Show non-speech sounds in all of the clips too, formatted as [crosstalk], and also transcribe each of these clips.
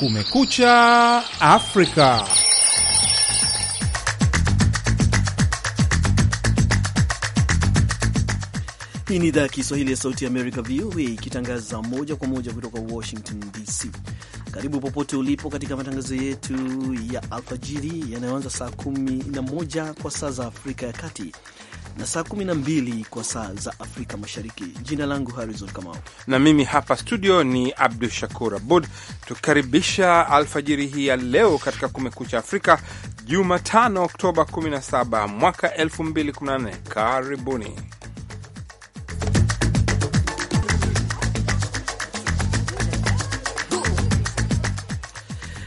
Kumekucha Afrika. Hii ni idhaa ya Kiswahili ya Sauti ya Amerika, VOA, ikitangaza moja kwa moja kutoka Washington DC. Karibu popote ulipo katika matangazo yetu ya alfajiri yanayoanza saa 11 kwa saa za Afrika ya Kati na saa 12 kwa saa za Afrika Mashariki. Jina langu Harrison Kamau na mimi hapa studio ni Abdu Shakur Abud, tukaribisha alfajiri hii ya leo katika Kumekucha Afrika, Jumatano Oktoba 17 mwaka 2014. Karibuni.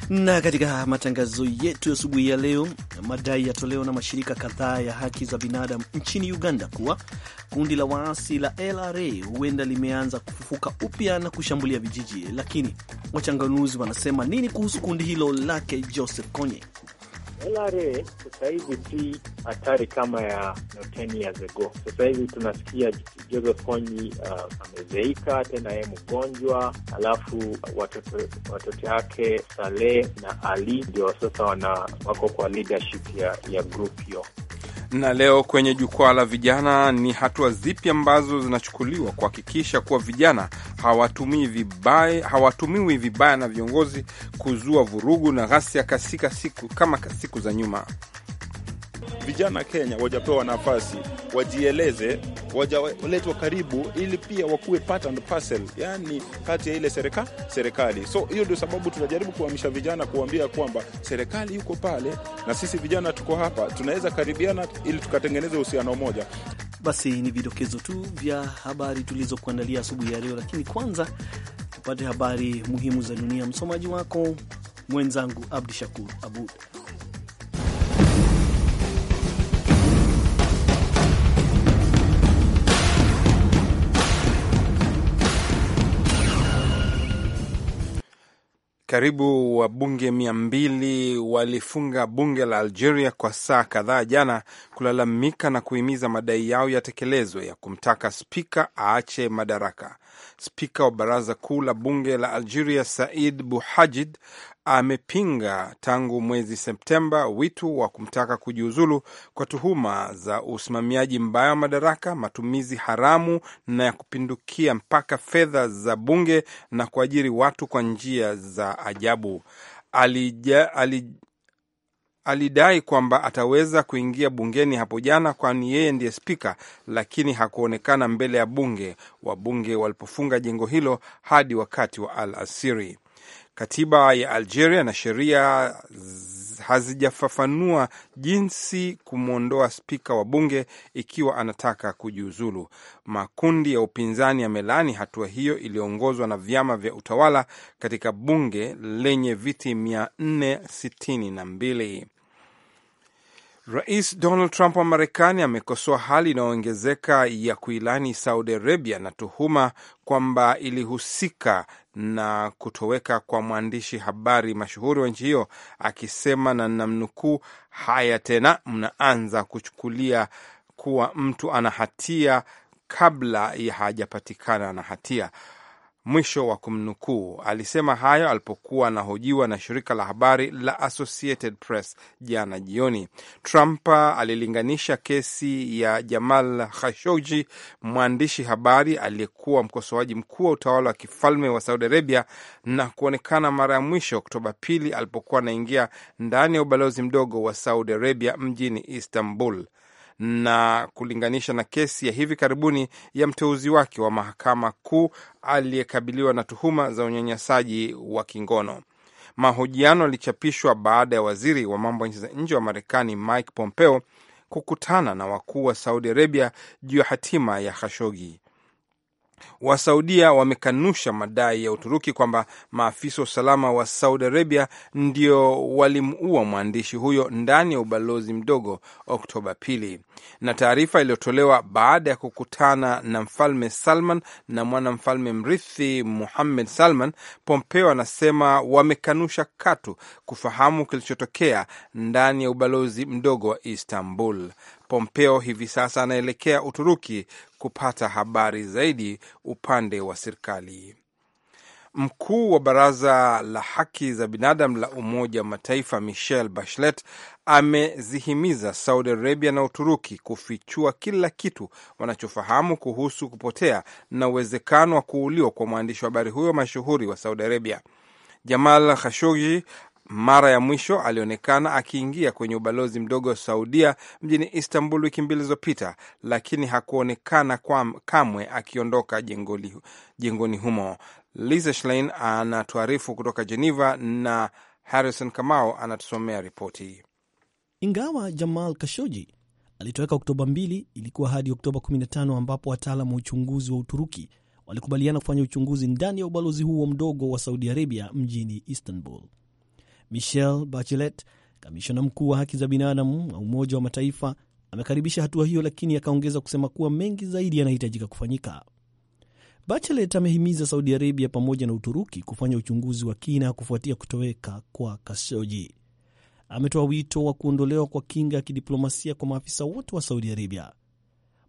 Na katika matangazo yetu ya asubuhi ya leo, madai yatolewa na mashirika kadhaa ya haki za binadamu nchini Uganda kuwa kundi la waasi la LRA huenda limeanza kufufuka upya na kushambulia vijiji, lakini wachanganuzi wanasema nini kuhusu kundi hilo lake Joseph Konye? LRA sasa hivi si hatari kama ya no, 10 years ago. Sasa hivi tunasikia Joseph Kony uh, amezeika tena, yeye mgonjwa, alafu watoto yake Saleh na Ali ndio sasa wana wako kwa leadership ya, ya group hiyo. Na leo kwenye jukwaa la vijana, ni hatua zipi ambazo zinachukuliwa kuhakikisha kuwa vijana hawatumiwi vibaya, hawatumiwi vibaya na viongozi kuzua vurugu na ghasia kasika siku kama siku za nyuma? vijana Kenya wajapewa nafasi, wajieleze, wajaletwa karibu, ili pia wakuwe part and parcel, yani kati ya ile sereka, serikali. So hiyo ndio sababu tunajaribu kuhamisha vijana, kuambia kwamba serikali yuko pale na sisi vijana tuko hapa, tunaweza karibiana ili tukatengeneza uhusiano mmoja. Basi ni vidokezo tu vya habari tulizokuandalia asubuhi ya leo, lakini kwanza tupate habari muhimu za dunia. Msomaji wako mwenzangu Abdu Shakur Abud. Karibu wabunge mia mbili walifunga bunge la Algeria kwa saa kadhaa jana kulalamika na kuhimiza madai yao yatekelezwe ya kumtaka spika aache madaraka. Spika wa baraza kuu la bunge la Algeria Said Buhajid amepinga tangu mwezi Septemba wito wa kumtaka kujiuzulu kwa tuhuma za usimamiaji mbaya wa madaraka, matumizi haramu na ya kupindukia mpaka fedha za bunge na kuajiri watu kwa njia za ajabu. Alija, alij alidai kwamba ataweza kuingia bungeni hapo jana, kwani yeye ndiye spika, lakini hakuonekana mbele ya bunge wabunge walipofunga jengo hilo hadi wakati wa alasiri. Katiba ya Algeria na sheria hazijafafanua jinsi kumwondoa spika wa bunge ikiwa anataka kujiuzulu. Makundi ya upinzani yamelaani hatua hiyo iliyoongozwa na vyama vya utawala katika bunge lenye viti 462. Rais Donald Trump wa Marekani amekosoa hali inayoongezeka ya kuilani Saudi Arabia na tuhuma kwamba ilihusika na kutoweka kwa mwandishi habari mashuhuri wa nchi hiyo, akisema na namnukuu, haya tena mnaanza kuchukulia kuwa mtu ana hatia kabla ya hajapatikana na hatia mwisho wa kumnukuu. Alisema hayo alipokuwa anahojiwa na shirika la habari la Associated Press jana jioni. Trump alilinganisha kesi ya Jamal Khashoggi, mwandishi habari aliyekuwa mkosoaji mkuu wa utawala wa kifalme wa Saudi Arabia, na kuonekana mara ya mwisho Oktoba pili alipokuwa anaingia ndani ya ubalozi mdogo wa Saudi Arabia mjini Istanbul na kulinganisha na kesi ya hivi karibuni ya mteuzi wake wa mahakama kuu aliyekabiliwa na tuhuma za unyanyasaji wa kingono. Mahojiano yalichapishwa baada ya waziri wa mambo ya nchi za nje wa Marekani Mike Pompeo kukutana na wakuu wa Saudi Arabia juu ya hatima ya Khashogi. Wasaudia wamekanusha madai ya Uturuki kwamba maafisa wa usalama wa Saudi Arabia ndio walimuua mwandishi huyo ndani ya ubalozi mdogo Oktoba pili na taarifa iliyotolewa baada ya kukutana na mfalme Salman na mwanamfalme mrithi muhamed Salman, Pompeo anasema wamekanusha katu kufahamu kilichotokea ndani ya ubalozi mdogo wa Istanbul. Pompeo hivi sasa anaelekea Uturuki kupata habari zaidi upande wa serikali. Mkuu wa baraza la haki za binadamu la Umoja wa Mataifa Michelle Bachelet amezihimiza Saudi Arabia na Uturuki kufichua kila kitu wanachofahamu kuhusu kupotea na uwezekano wa kuuliwa kwa mwandishi wa habari huyo mashuhuri wa Saudi Arabia Jamal Khashoggi. Mara ya mwisho alionekana akiingia kwenye ubalozi mdogo wa Saudia mjini Istanbul wiki mbili zilizopita, lakini hakuonekana kamwe akiondoka jengoni humo. Lisa Schlein anatuarifu kutoka Geneva na Harrison Kamau anatusomea ripoti. Ingawa Jamal Kashoji alitoweka Oktoba 2, ilikuwa hadi Oktoba 15 ambapo wataalam wa uchunguzi wa Uturuki walikubaliana kufanya uchunguzi ndani ya ubalozi huo mdogo wa Saudi Arabia mjini Istanbul. Michelle Bachelet, kamishona mkuu wa haki za binadamu wa Umoja wa Mataifa, amekaribisha hatua hiyo, lakini akaongeza kusema kuwa mengi zaidi yanahitajika kufanyika. Bachelet amehimiza Saudi Arabia pamoja na Uturuki kufanya uchunguzi wa kina kufuatia kutoweka kwa Kashoji. Ametoa wito wa kuondolewa kwa kinga ya kidiplomasia kwa maafisa wote wa Saudi Arabia.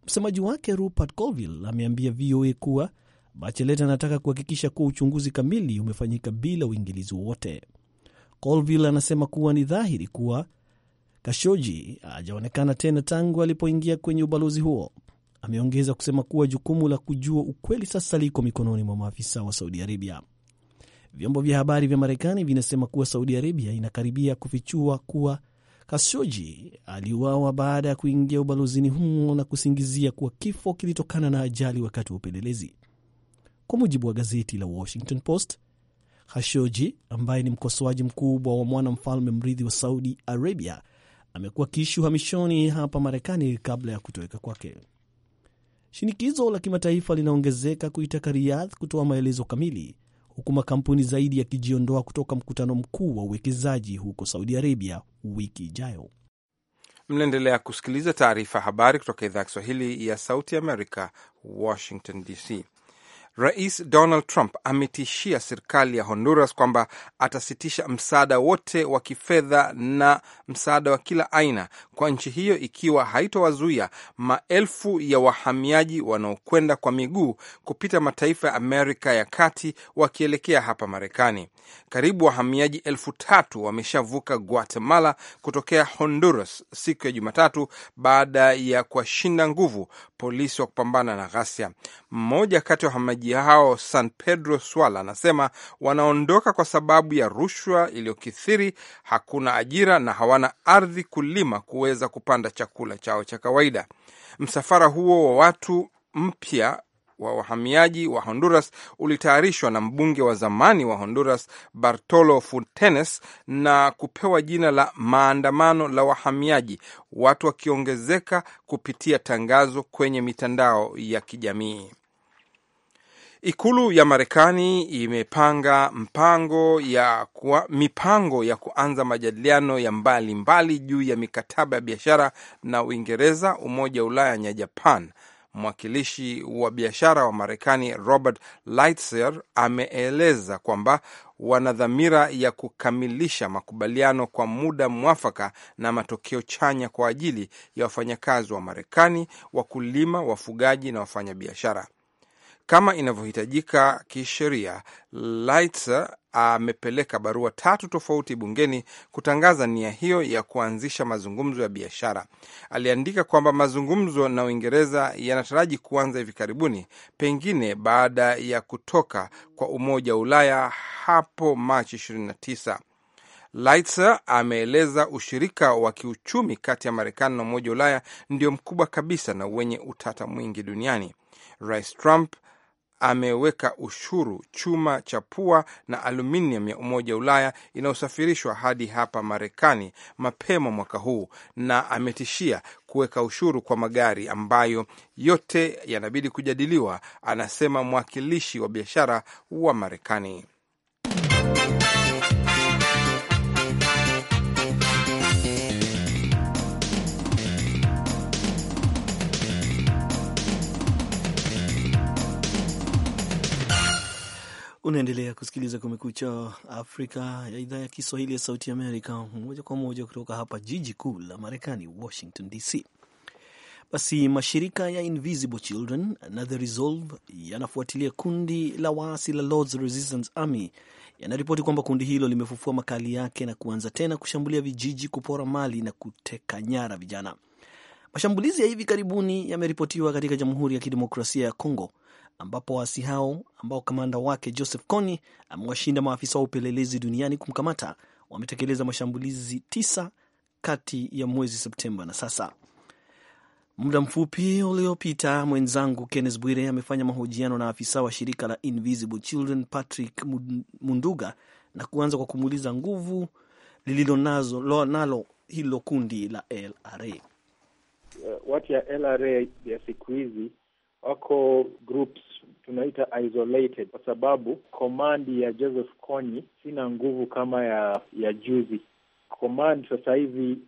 Msemaji wake Rupert Colville ameambia VOA kuwa Bachelet anataka kuhakikisha kuwa uchunguzi kamili umefanyika bila uingilizi wowote. Colville anasema kuwa ni dhahiri kuwa Kashoji hajaonekana tena tangu alipoingia kwenye ubalozi huo. Ameongeza kusema kuwa jukumu la kujua ukweli sasa liko mikononi mwa maafisa wa Saudi Arabia. Vyombo vya habari vya Marekani vinasema kuwa Saudi Arabia inakaribia kufichua kuwa Kashoji aliuawa baada ya kuingia ubalozini humo na kusingizia kuwa kifo kilitokana na ajali wakati wa upelelezi. Kwa mujibu wa gazeti la Washington Post, Khashoji ambaye ni mkosoaji mkubwa wa mwanamfalme mrithi wa Saudi Arabia amekuwa kiishi uhamishoni hapa Marekani kabla ya kutoweka kwake. Shinikizo la kimataifa linaongezeka kuitaka Riyadh kutoa maelezo kamili, huku makampuni zaidi yakijiondoa kutoka mkutano mkuu wa uwekezaji huko Saudi Arabia wiki ijayo. Mnaendelea kusikiliza taarifa ya habari kutoka idhaa ya Kiswahili ya Sauti Amerika, Washington DC. Rais Donald Trump ametishia serikali ya Honduras kwamba atasitisha msaada wote wa kifedha na msaada wa kila aina kwa nchi hiyo ikiwa haitowazuia maelfu ya wahamiaji wanaokwenda kwa miguu kupita mataifa ya Amerika ya Kati wakielekea hapa Marekani. Karibu wahamiaji elfu tatu wameshavuka Guatemala kutokea Honduras siku ya Jumatatu baada ya kuwashinda nguvu polisi wa kupambana na ghasia. Mmoja kati ya wahamaji hao San Pedro Swala anasema wanaondoka kwa sababu ya rushwa iliyokithiri, hakuna ajira na hawana ardhi kulima kuweza kupanda chakula chao cha kawaida. Msafara huo wa watu mpya wa wahamiaji wa Honduras ulitayarishwa na mbunge wa zamani wa Honduras Bartolo Fuentes na kupewa jina la maandamano la wahamiaji, watu wakiongezeka kupitia tangazo kwenye mitandao ya kijamii. Ikulu ya Marekani imepanga mpango ya kuwa, mipango ya kuanza majadiliano ya mbalimbali mbali juu ya mikataba ya biashara na Uingereza, Umoja wa Ulaya na Japan Mwakilishi wa biashara wa Marekani Robert Lighthizer ameeleza kwamba wana dhamira ya kukamilisha makubaliano kwa muda mwafaka na matokeo chanya kwa ajili ya wafanyakazi wa Marekani, wakulima, wafugaji na wafanyabiashara kama inavyohitajika kisheria. Laitzer amepeleka barua tatu tofauti bungeni kutangaza nia hiyo ya kuanzisha mazungumzo ya biashara. Aliandika kwamba mazungumzo na Uingereza yanataraji kuanza hivi karibuni, pengine baada ya kutoka kwa Umoja wa Ulaya hapo Machi 29. Laitzer ameeleza ushirika wa kiuchumi kati ya Marekani na Umoja wa Ulaya ndio mkubwa kabisa na wenye utata mwingi duniani. Rais Trump ameweka ushuru chuma cha pua na aluminium ya Umoja wa Ulaya inayosafirishwa hadi hapa Marekani mapema mwaka huu, na ametishia kuweka ushuru kwa magari ambayo yote yanabidi kujadiliwa, anasema mwakilishi wa biashara wa Marekani. Unaendelea kusikiliza Kumekucha Afrika ya idhaa ya Kiswahili ya Sauti Amerika, moja kwa moja kutoka hapa jiji kuu la Marekani, Washington DC. Basi mashirika ya Invisible Children na The Resolve yanafuatilia kundi la waasi la Lord's Resistance Army. Yanaripoti kwamba kundi hilo limefufua makali yake na kuanza tena kushambulia vijiji, kupora mali na kuteka nyara vijana. Mashambulizi ya hivi karibuni yameripotiwa katika Jamhuri ya Kidemokrasia ya congo ambapo waasi hao ambao kamanda wake Joseph Kony amewashinda maafisa wa upelelezi duniani kumkamata wametekeleza mashambulizi tisa kati ya mwezi Septemba na sasa. Muda mfupi uliopita mwenzangu Kenneth Bwire amefanya mahojiano na afisa wa shirika la Invisible Children Patrick Munduga na kuanza kwa kumuuliza nguvu lililo nazo nalo hilo kundi la LRA. Uh, Watu ya LRA ya siku hizi wako groups tunaita isolated kwa sababu komandi ya Joseph Kony sina nguvu kama ya ya juzi. Komandi sasa hivi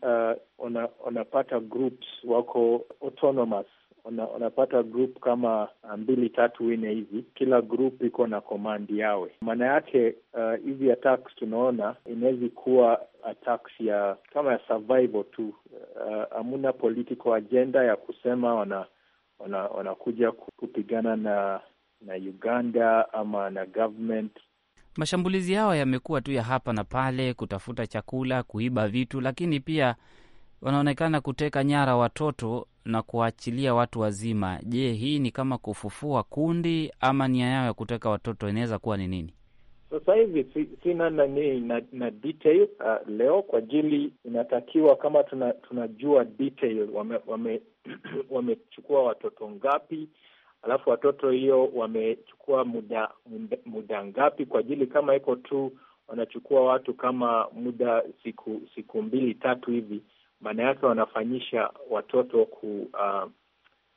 wanapata uh, groups wako autonomous wanapata una group kama uh, mbili tatu nne hivi, kila group iko na komandi yawe. Maana yake uh, hizi uh, attacks tunaona inawezi kuwa attacks ya kama ya survival tu, uh, hamuna uh, political agenda ya kusema wana wanakuja kupigana na na Uganda ama na government. Mashambulizi yao yamekuwa tu ya hapa na pale, kutafuta chakula, kuiba vitu, lakini pia wanaonekana kuteka nyara watoto na kuwaachilia watu wazima. Je, hii ni kama kufufua kundi ama nia yao ya kuteka watoto inaweza kuwa ni nini? Sasa hivi si, nani na, na detail uh, leo kwa ajili inatakiwa kama tuna, tunajua detail wamechukua wame, wame [clears throat] watoto ngapi alafu watoto hiyo wamechukua muda, muda muda ngapi kwa ajili, kama iko tu wanachukua watu kama muda siku siku mbili tatu hivi, maana yake wanafanyisha watoto ku, uh,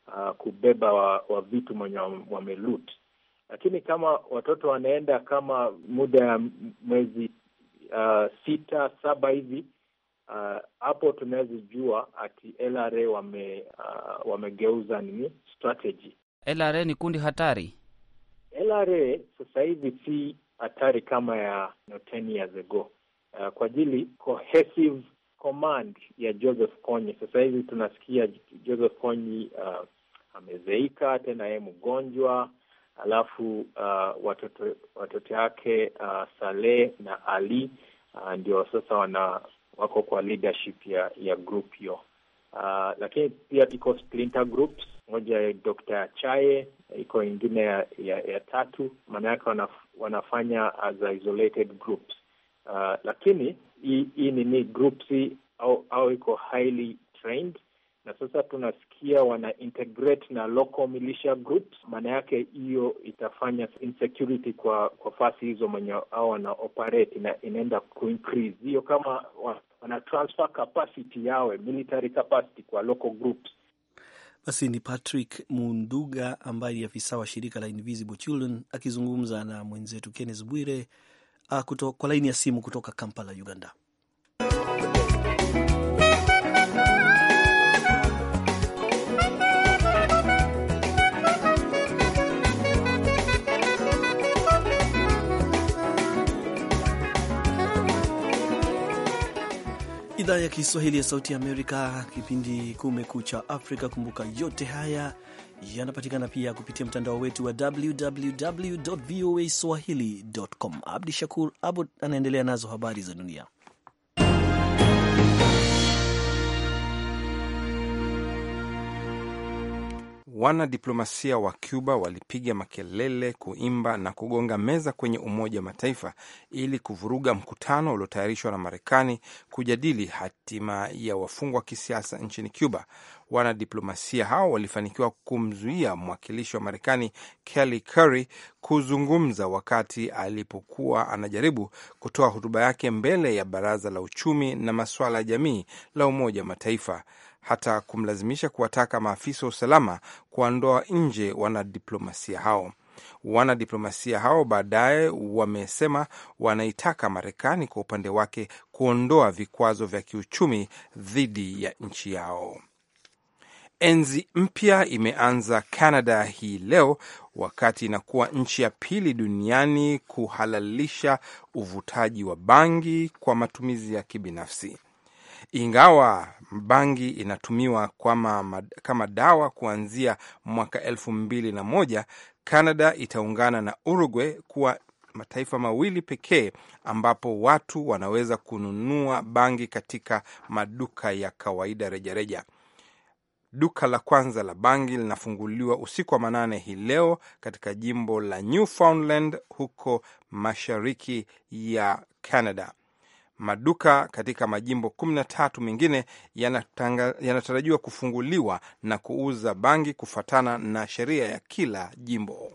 uh, kubeba wa, wa vitu mwenye wamelut. Lakini kama watoto wanaenda kama muda ya mwezi uh, sita saba hivi hapo uh, tunawezijua jua ati LRA wame, uh, wamegeuza nini strategy LRA ni kundi hatari? LRA sasa hivi si hatari kama ya no, ten years ago. Uh, ah, kwa ajili cohesive command ya Joseph Kony, sasa hivi tunasikia Joseph Kony uh, ah, amezeika tena, yeye mgonjwa, alafu uh, watoto watoto yake uh, Saleh na Ali uh, ndio sasa wana wako kwa leadership ya ya group hiyo uh, lakini pia iko splinter groups moja ya Dr. Chaye, iko ingine ya, ya, ya tatu. Maana yake wanaf, wanafanya as isolated groups uh, lakini hii nini groups au, au iko highly trained na sasa tunasikia wana integrate na local militia groups. Maana yake hiyo itafanya insecurity kwa kwa fasi hizo mwenye au wana operate na inaenda kuincrease hiyo, kama wana transfer capacity yawe military capacity kwa local groups basi ni Patrick Munduga ambaye ni afisa wa shirika la Invisible Children akizungumza na mwenzetu Kenneth Bwire ah, kwa laini ya simu kutoka Kampala, Uganda. idhaa ya Kiswahili ya Sauti ya Amerika, kipindi Kumekucha Afrika. Kumbuka yote haya yanapatikana pia kupitia mtandao wetu wa www voa swahili com. Abdi Shakur Abud anaendelea nazo habari za dunia. wanadiplomasia wa Cuba walipiga makelele, kuimba na kugonga meza kwenye Umoja wa Mataifa ili kuvuruga mkutano uliotayarishwa na Marekani kujadili hatima ya wafungwa wa kisiasa nchini Cuba. Wanadiplomasia hao walifanikiwa kumzuia mwakilishi wa Marekani Kelly Curry kuzungumza wakati alipokuwa anajaribu kutoa hotuba yake mbele ya Baraza la Uchumi na Masuala ya Jamii la Umoja wa Mataifa hata kumlazimisha kuwataka maafisa wa usalama kuwaondoa nje wanadiplomasia hao. Wanadiplomasia hao baadaye wamesema wanaitaka Marekani kwa upande wake kuondoa vikwazo vya kiuchumi dhidi ya nchi yao. Enzi mpya imeanza Canada hii leo, wakati inakuwa nchi ya pili duniani kuhalalisha uvutaji wa bangi kwa matumizi ya kibinafsi. Ingawa bangi inatumiwa kama, kama dawa kuanzia mwaka elfu mbili na moja, Canada itaungana na Uruguay kuwa mataifa mawili pekee ambapo watu wanaweza kununua bangi katika maduka ya kawaida rejareja. Duka la kwanza la bangi linafunguliwa usiku wa manane hii leo katika jimbo la Newfoundland huko mashariki ya Canada. Maduka katika majimbo 1na tatu mengine yanatarajiwa kufunguliwa na kuuza bangi kufuatana na sheria ya kila jimbo.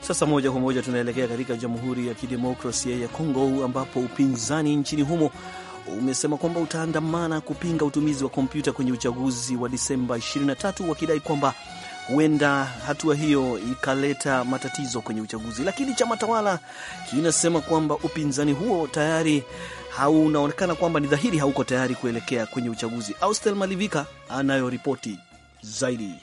Sasa moja kwa moja tunaelekea katika Jamhuri ya Kidemokrasia ya Kongo ambapo upinzani nchini humo umesema kwamba utaandamana kupinga utumizi wa kompyuta kwenye uchaguzi wa Disemba 23 wakidai kwamba huenda hatua hiyo ikaleta matatizo kwenye uchaguzi, lakini chama tawala kinasema kwamba upinzani huo tayari haunaonekana kwamba ni dhahiri hauko tayari kuelekea kwenye uchaguzi. Austel Malivika anayo ripoti zaidi.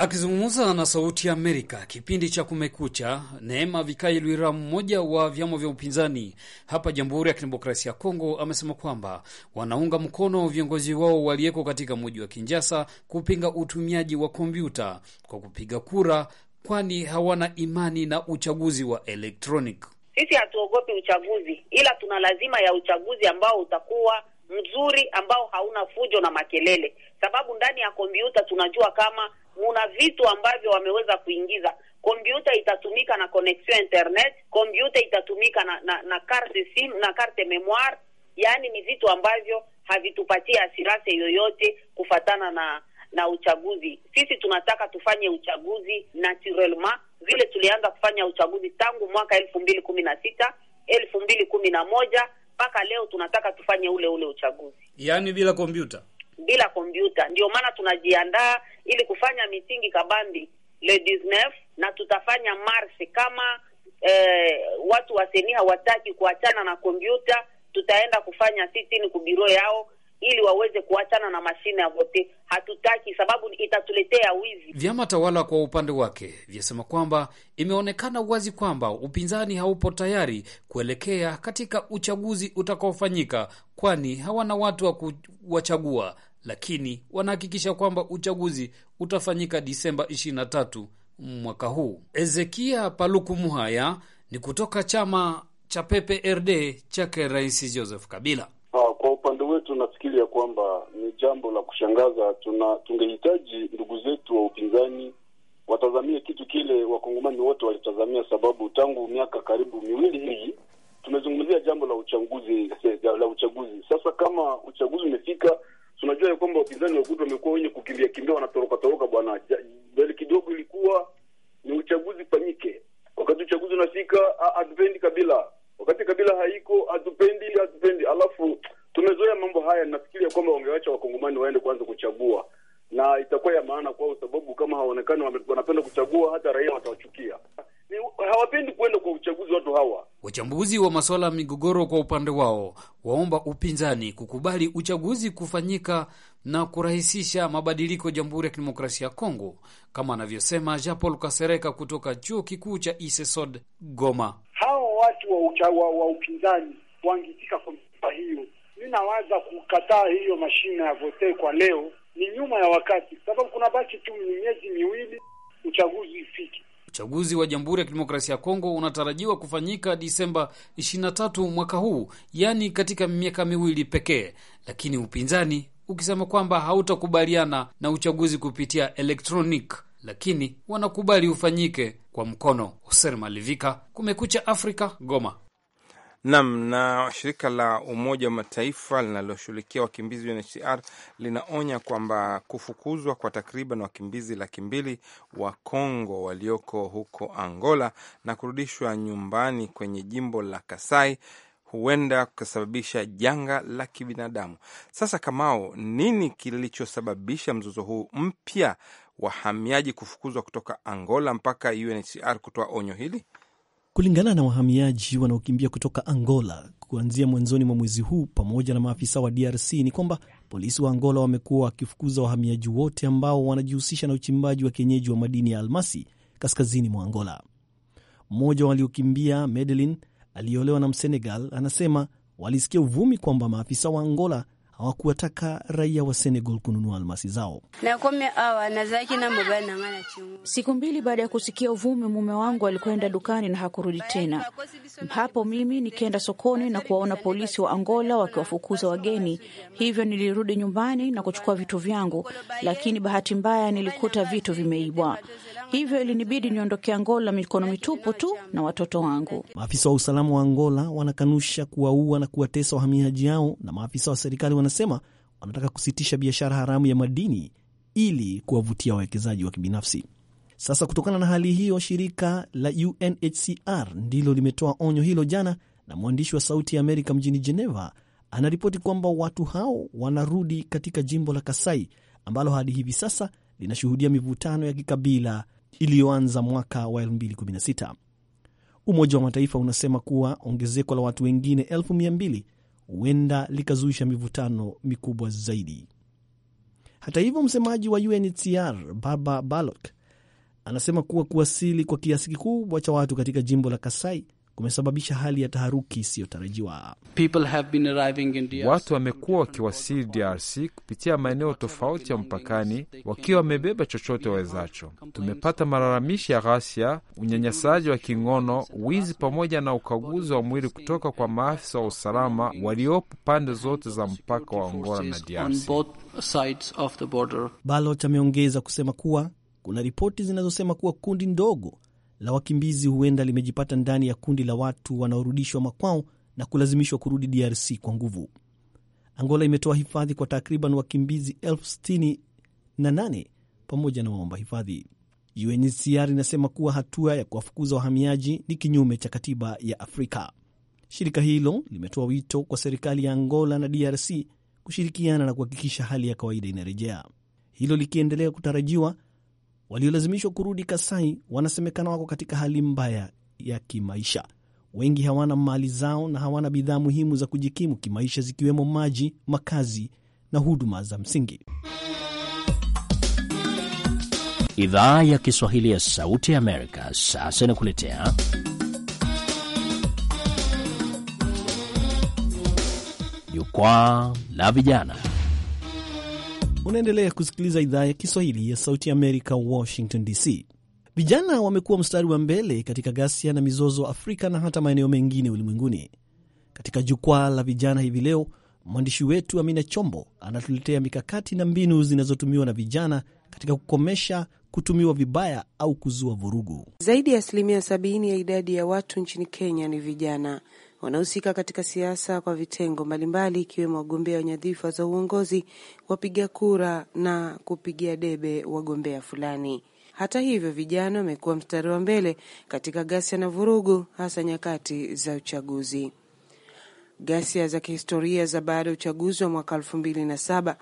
Akizungumza na Sauti ya Amerika kipindi cha Kumekucha, Neema Vikai Lwira, mmoja wa vyama vya upinzani hapa Jamhuri ya Kidemokrasia ya Kongo, amesema kwamba wanaunga mkono viongozi wao waliyeko katika mji wa Kinjasa kupinga utumiaji wa kompyuta kwa kupiga kura, kwani hawana imani na uchaguzi wa electronic. Sisi hatuogopi uchaguzi, ila tuna lazima ya uchaguzi ambao utakuwa mzuri, ambao hauna fujo na makelele, sababu ndani ya kompyuta tunajua kama muna vitu ambavyo wameweza kuingiza. Kompyuta itatumika na connection internet, kompyuta itatumika na na, na karte sim na karte memoire. Yaani ni vitu ambavyo havitupatia asirase yoyote kufatana na na uchaguzi. Sisi tunataka tufanye uchaguzi naturellement vile tulianza kufanya uchaguzi tangu mwaka elfu mbili kumi na sita elfu mbili kumi na moja mpaka leo tunataka tufanye ule ule uchaguzi, yaani bila kompyuta bila kompyuta. Ndio maana tunajiandaa ili kufanya mitingi kabambi le 19 na tutafanya march kama eh, watu wa seni hawataki kuachana na kompyuta, tutaenda kufanya sitini kubiro yao ili waweze kuachana na mashine ya vote. Hatutaki sababu itatuletea wizi. Vyama tawala kwa upande wake vyasema kwamba imeonekana wazi kwamba upinzani haupo tayari kuelekea katika uchaguzi utakaofanyika, kwani hawana watu wa kuwachagua lakini wanahakikisha kwamba uchaguzi utafanyika Disemba 23 mwaka huu. Ezekia Paluku Muhaya ni kutoka chama cha PPRD chake Rais Joseph Kabila. Ah, kwa upande wetu nafikiri ya kwamba ni jambo la kushangaza. Tuna tungehitaji ndugu zetu wa upinzani watazamie kitu kile wakongomani wote walitazamia, sababu tangu miaka karibu miwili hii tumezungumzia jambo la uchaguzi la uchaguzi. Sasa kama uchaguzi umefika ya kwamba wapinzani wa Guta wamekuwa wenye kukimbia kimbia, wanatoroka toroka bwana jali kidogo. Ilikuwa ni uchaguzi fanyike wakati uchaguzi unafika hatupendi Kabila, wakati Kabila haiko hatupendi, hatupendi. Alafu tumezoea mambo haya. Nafikiri ya kwamba wangewacha wakongomani waende kwanza kuchagua, na itakuwa ya maana kwao, sababu kama hawaonekani wanapenda kuchagua, hata raia watawachukia. Wachambuzi wa masuala ya migogoro kwa upande wao waomba upinzani kukubali uchaguzi kufanyika na kurahisisha mabadiliko Jamhuri ya Kidemokrasia ya Kongo, kama anavyosema Jean Paul Kasereka kutoka chuo kikuu cha Isesod Goma. Hao watu wa, ucha, wa, wa upinzani wangitika kwa hiyo, ninawaza kukataa hiyo mashine ya vote kwa leo ni nyuma ya wakati, kwa sababu kuna baki tu ni miezi miwili uchaguzi ifike. Uchaguzi wa Jamhuri ya Kidemokrasia ya Kongo unatarajiwa kufanyika Disemba 23 mwaka huu, yaani katika miaka miwili pekee, lakini upinzani ukisema kwamba hautakubaliana na uchaguzi kupitia electronic, lakini wanakubali ufanyike kwa mkono. Hoser Malivika, Kumekucha Afrika, Goma. Nam na shirika la Umoja wa Mataifa linaloshughulikia wakimbizi UNHCR linaonya kwamba kufukuzwa kwa takriban wakimbizi laki mbili wa Kongo walioko huko Angola na kurudishwa nyumbani kwenye jimbo la Kasai huenda kukasababisha janga la kibinadamu. Sasa Kamao, nini kilichosababisha mzozo huu mpya, wahamiaji kufukuzwa kutoka Angola mpaka UNHCR kutoa onyo hili? kulingana na wahamiaji wanaokimbia kutoka Angola kuanzia mwanzoni mwa mwezi huu pamoja na maafisa wa DRC ni kwamba polisi wa Angola wamekuwa wakifukuza wahamiaji wote ambao wanajihusisha na uchimbaji wa kienyeji wa madini ya almasi kaskazini mwa Angola. Mmoja waliokimbia Medelin aliyeolewa na Msenegal anasema walisikia uvumi kwamba maafisa wa Angola hawakuwataka raia wa Senegal kununua almasi zao. Siku mbili baada ya kusikia uvumi, mume wangu alikwenda dukani na hakurudi tena. Hapo mimi nikaenda sokoni na kuwaona polisi wa Angola wakiwafukuza wageni, hivyo nilirudi nyumbani na kuchukua vitu vyangu, lakini bahati mbaya nilikuta vitu vimeibwa hivyo ilinibidi niondokea Angola mikono mitupu tu na watoto wangu. Maafisa wa usalama wa Angola wanakanusha kuwaua na kuwatesa wahamiaji hao, na maafisa wa serikali wanasema wanataka kusitisha biashara haramu ya madini ili kuwavutia wawekezaji wa kibinafsi. Sasa kutokana na hali hiyo, shirika la UNHCR ndilo limetoa onyo hilo jana, na mwandishi wa Sauti ya Amerika mjini Geneva anaripoti kwamba watu hao wanarudi katika jimbo la Kasai ambalo hadi hivi sasa linashuhudia mivutano ya kikabila iliyoanza mwaka wa 2016. Umoja wa Mataifa unasema kuwa ongezeko la watu wengine elfu mia mbili huenda likazuisha mivutano mikubwa zaidi. Hata hivyo, msemaji wa UNHCR Baba Balok anasema kuwa kuwasili kwa kiasi kikubwa cha watu katika jimbo la Kasai kumesababisha hali ya taharuki isiyotarajiwa. Watu wamekuwa wakiwasili DRC kupitia maeneo tofauti ya mpakani wakiwa wamebeba chochote wawezacho. Tumepata malalamishi ya ghasia, unyanyasaji wa kingono, wizi pamoja na ukaguzi wa mwili kutoka kwa maafisa wa usalama waliopo pande zote za mpaka wa Angola na DRC. Balot ameongeza kusema kuwa kuna ripoti zinazosema kuwa kundi ndogo la wakimbizi huenda limejipata ndani ya kundi la watu wanaorudishwa makwao na kulazimishwa kurudi DRC kwa nguvu. Angola imetoa hifadhi kwa takriban wakimbizi elfu sitini na nane pamoja na waomba hifadhi. UNHCR inasema kuwa hatua ya kuwafukuza wahamiaji ni kinyume cha katiba ya Afrika. Shirika hilo limetoa wito kwa serikali ya Angola na DRC kushirikiana na kuhakikisha hali ya kawaida inarejea, hilo likiendelea kutarajiwa Waliolazimishwa kurudi Kasai wanasemekana wako katika hali mbaya ya kimaisha. Wengi hawana mali zao na hawana bidhaa muhimu za kujikimu kimaisha, zikiwemo maji, makazi na huduma za msingi. Idhaa ya Kiswahili ya Sauti ya Amerika sasa inakuletea Jukwaa la Vijana. Unaendelea kusikiliza idhaa ya Kiswahili ya Sauti Amerika, Washington DC. Vijana wamekuwa mstari wa mbele katika ghasia na mizozo Afrika na hata maeneo mengine ulimwenguni. Katika jukwaa la vijana hivi leo, mwandishi wetu Amina Chombo anatuletea mikakati na mbinu zinazotumiwa na vijana katika kukomesha kutumiwa vibaya au kuzua vurugu. Zaidi ya asilimia sabini ya idadi ya watu nchini Kenya ni vijana wanaohusika katika siasa kwa vitengo mbalimbali, ikiwemo wagombea wa nyadhifa za uongozi, wapiga kura na kupigia debe wagombea fulani. Hata hivyo, vijana wamekuwa mstari wa mbele katika ghasia na vurugu, hasa nyakati za uchaguzi. Ghasia za kihistoria za baada ya uchaguzi wa mwaka elfu mbili na saba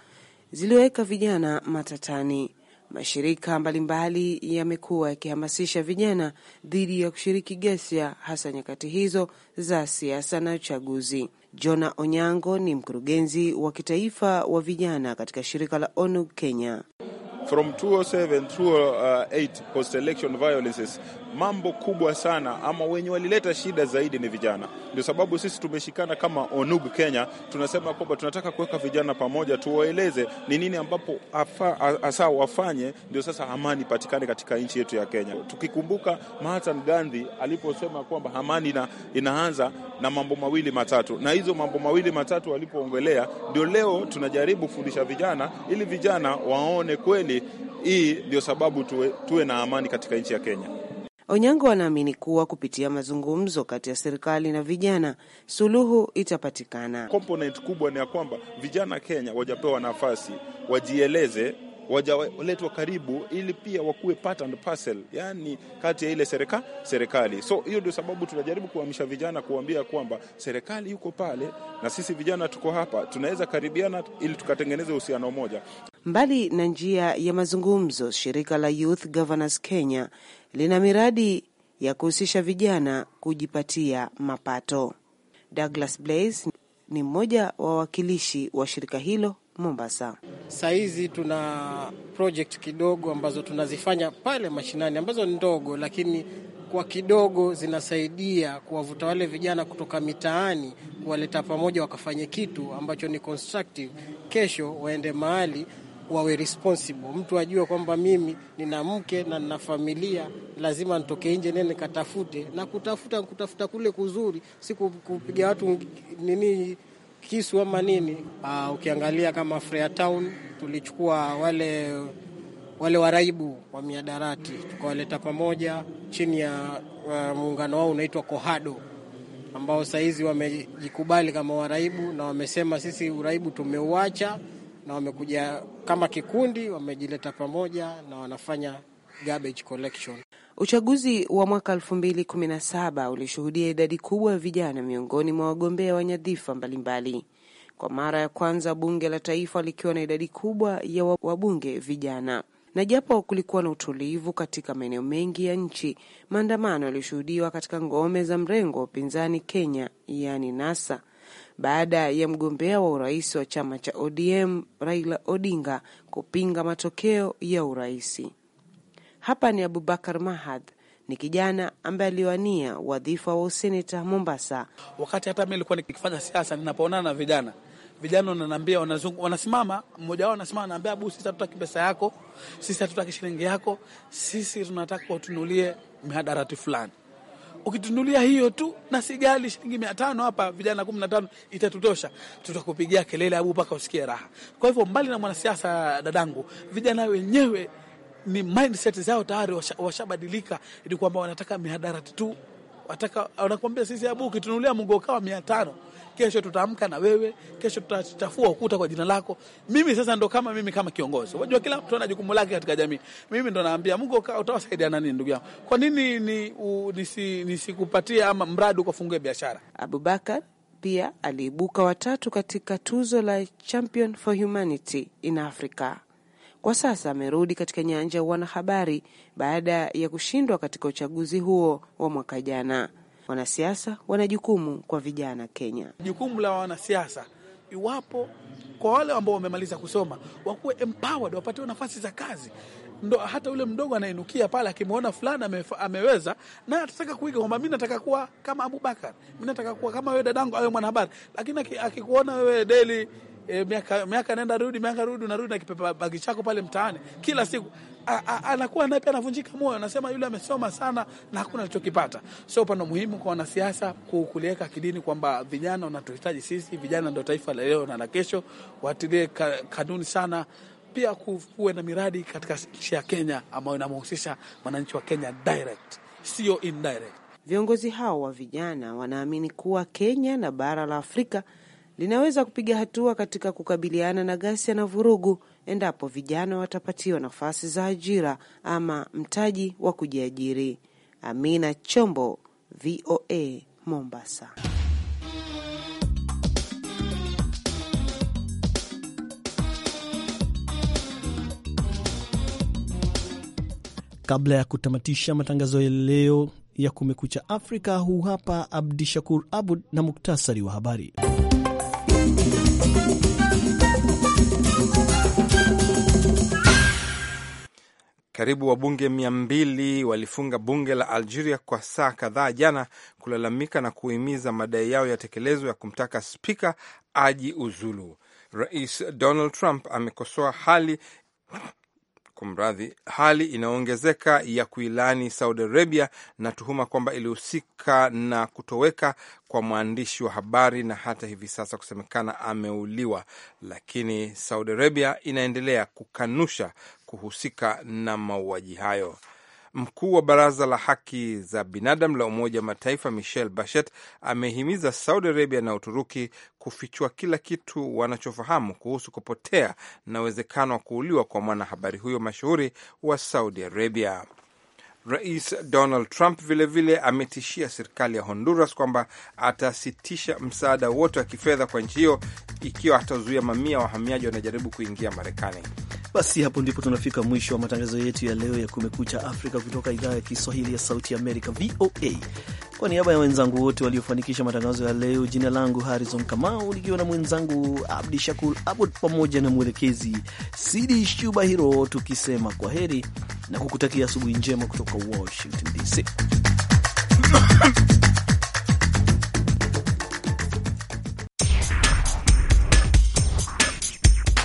ziliweka vijana matatani mashirika mbalimbali yamekuwa yakihamasisha vijana dhidi ya kushiriki ghasia, hasa nyakati hizo za siasa na uchaguzi. Jona Onyango ni mkurugenzi wa kitaifa wa vijana katika shirika la onu Kenya from 2007 through uh, 8 post election violences, mambo kubwa sana ama wenye walileta shida zaidi ni vijana. Ndio sababu sisi tumeshikana kama Onug Kenya, tunasema kwamba tunataka kuweka vijana pamoja, tuwaeleze ni nini ambapo hasa wafanye, ndio sasa amani ipatikane katika nchi yetu ya Kenya, tukikumbuka Mahatma Gandhi aliposema kwamba amani ina, inaanza na mambo mawili matatu, na hizo mambo mawili matatu alipoongelea, ndio leo tunajaribu kufundisha vijana ili vijana waone kweli serikali. Hii ndio sababu tuwe, tuwe na amani katika nchi ya Kenya. Onyango anaamini kuwa kupitia mazungumzo kati ya serikali na vijana suluhu itapatikana. Komponenti kubwa ni ya kwamba vijana Kenya wajapewa nafasi wajieleze wajaletwa karibu, ili pia wakuwe part and parcel, yani kati ya ile serika, serikali. So hiyo ndio sababu tunajaribu kuhamisha vijana, kuambia kwamba serikali yuko pale na sisi vijana tuko hapa, tunaweza karibiana ili tukatengeneza uhusiano mmoja. Mbali na njia ya mazungumzo, shirika la Youth Governors Kenya lina miradi ya kuhusisha vijana kujipatia mapato. Douglas Blaze ni mmoja wa wawakilishi wa shirika hilo Mombasa. Saa hizi tuna project kidogo ambazo tunazifanya pale mashinani ambazo ni ndogo, lakini kwa kidogo zinasaidia kuwavuta wale vijana kutoka mitaani, kuwaleta pamoja, wakafanye kitu ambacho ni constructive. Kesho waende mahali wawe responsible, mtu ajue kwamba mimi nina mke na nina familia, lazima nitoke nje nene katafute na kutafuta kutafuta kule kuzuri, si kupiga watu nini kisu ama nini. Uh, ukiangalia kama Town tulichukua wale wale waraibu wa miadarati tukawaleta pamoja chini ya uh, muungano wao unaitwa Kohado ambao saizi wamejikubali kama waraibu na wamesema sisi uraibu tumeuacha, na wamekuja kama kikundi, wamejileta pamoja na wanafanya garbage collection. Uchaguzi wa mwaka saba ulishuhudia idadi kubwa ya vijana miongoni mwa wagombea wa nyadhifa mbalimbali, kwa mara ya kwanza bunge la taifa likiwa na idadi kubwa ya wabunge vijana. Na japo kulikuwa na utulivu katika maeneo mengi ya nchi, maandamano yalishuhudiwa katika ngome za mrengo wa upinzani Kenya, yaani NASA, baada ya mgombea wa urais wa chama cha ODM Raila Odinga kupinga matokeo ya urahisi hapa ni Abubakar Mahad, ni kijana ambaye aliwania wadhifa wa useneta Mombasa. Wakati hata mi nilikuwa nikifanya siasa, ninapoonana na vijana vijana wananiambia, wanasimama, mmoja wao anasimama anaambia, Abu, sisi hatutaki pesa yako, sisi hatutaki shilingi yako, sisi tunataka watunulie mihadarati fulani. Ukitunulia hiyo tu na sigali shilingi mia tano hapa, vijana kumi na tano itatutosha, tutakupigia kelele Abu mpaka usikie raha. Kwa hivyo, mbali na mwanasiasa dadangu, vijana wenyewe ni mindset zao tayari washabadilika, washa ili kwamba wanataka mihadarati tu wataka wanakuambia sisi abu ukitunulia mgoka wa mia tano kesho tutaamka na wewe, kesho tutachafua ukuta kwa jina lako. Mimi sasa ndo kama mimi kama kiongozi, unajua kila mtu ana jukumu lake katika jamii. Mimi ndo naambia Mungu utawasaidia nani? Ndugu yangu, kwa nini ni, nisi, nisikupatie ama mradi ukafungue biashara? Abubakar pia aliibuka watatu katika tuzo la Champion for Humanity in Africa. Kwa sasa amerudi katika nyanja ya wanahabari baada ya kushindwa katika uchaguzi huo wa mwaka jana. Wanasiasa wana jukumu kwa vijana Kenya. Jukumu la wanasiasa iwapo kwa wale ambao wamemaliza kusoma wakuwe empowered, wapatiwe nafasi za kazi, ndo hata yule mdogo anainukia pale, akimwona fulani ame, ameweza naye atataka kuiga kwamba mi nataka kuwa kama Abubakar, mi nataka kuwa kama wewe dadangu, awe mwanahabari. Lakini akikuona wewe deli e, miaka miaka nenda rudi miaka rudi unarudi na kipepa bagi chako pale mtaani kila siku anakuwa naye pia anavunjika moyo, anasema yule amesoma sana na hakuna alichokipata. So upande muhimu kwa wanasiasa kuliweka kidini kwamba vijana wanatuhitaji sisi, vijana ndio taifa la leo na la kesho, watilie kanuni sana pia kuwe na miradi katika nchi ya Kenya ambayo inamhusisha mwananchi wa Kenya direct, sio indirect. Viongozi hao wa vijana wanaamini kuwa Kenya na bara la Afrika linaweza kupiga hatua katika kukabiliana na ghasia na vurugu endapo vijana watapatiwa nafasi za ajira ama mtaji wa kujiajiri. Amina Chombo, VOA, Mombasa. Kabla ya kutamatisha matangazo ya leo ya Kumekucha Afrika, huu hapa Abdi Shakur Abud na muktasari wa habari. Karibu wabunge mia mbili walifunga bunge la Algeria kwa saa kadhaa jana kulalamika na kuhimiza madai yao yatekelezwe ya kumtaka spika uzulu. Rais Donald Trump amekosoa hali kumradhi, hali inaongezeka ya kuilani Saudi Arabia na tuhuma kwamba ilihusika na kutoweka kwa mwandishi wa habari na hata hivi sasa kusemekana ameuliwa, lakini Saudi Arabia inaendelea kukanusha kuhusika na mauaji hayo. Mkuu wa baraza la haki za binadamu la Umoja wa Mataifa michel Bachelet amehimiza Saudi Arabia na Uturuki kufichua kila kitu wanachofahamu kuhusu kupotea na uwezekano wa kuuliwa kwa mwanahabari huyo mashuhuri wa Saudi Arabia. Rais Donald Trump vilevile vile ametishia serikali ya Honduras kwamba atasitisha msaada wote wa kifedha kwa nchi hiyo ikiwa atazuia mamia wahamiaji wanajaribu kuingia Marekani. Basi hapo ndipo tunafika mwisho wa matangazo yetu ya leo ya Kumekucha Afrika kutoka idhaa ya Kiswahili ya Sauti ya Amerika, VOA kwa niaba ya wenzangu wote waliofanikisha matangazo ya leo, jina langu Harrison Kamau nikiwa na mwenzangu Abdi Shakur Abud pamoja na mwelekezi Sidi Shubahiro, tukisema kwa heri na kukutakia asubuhi njema kutoka Washington DC.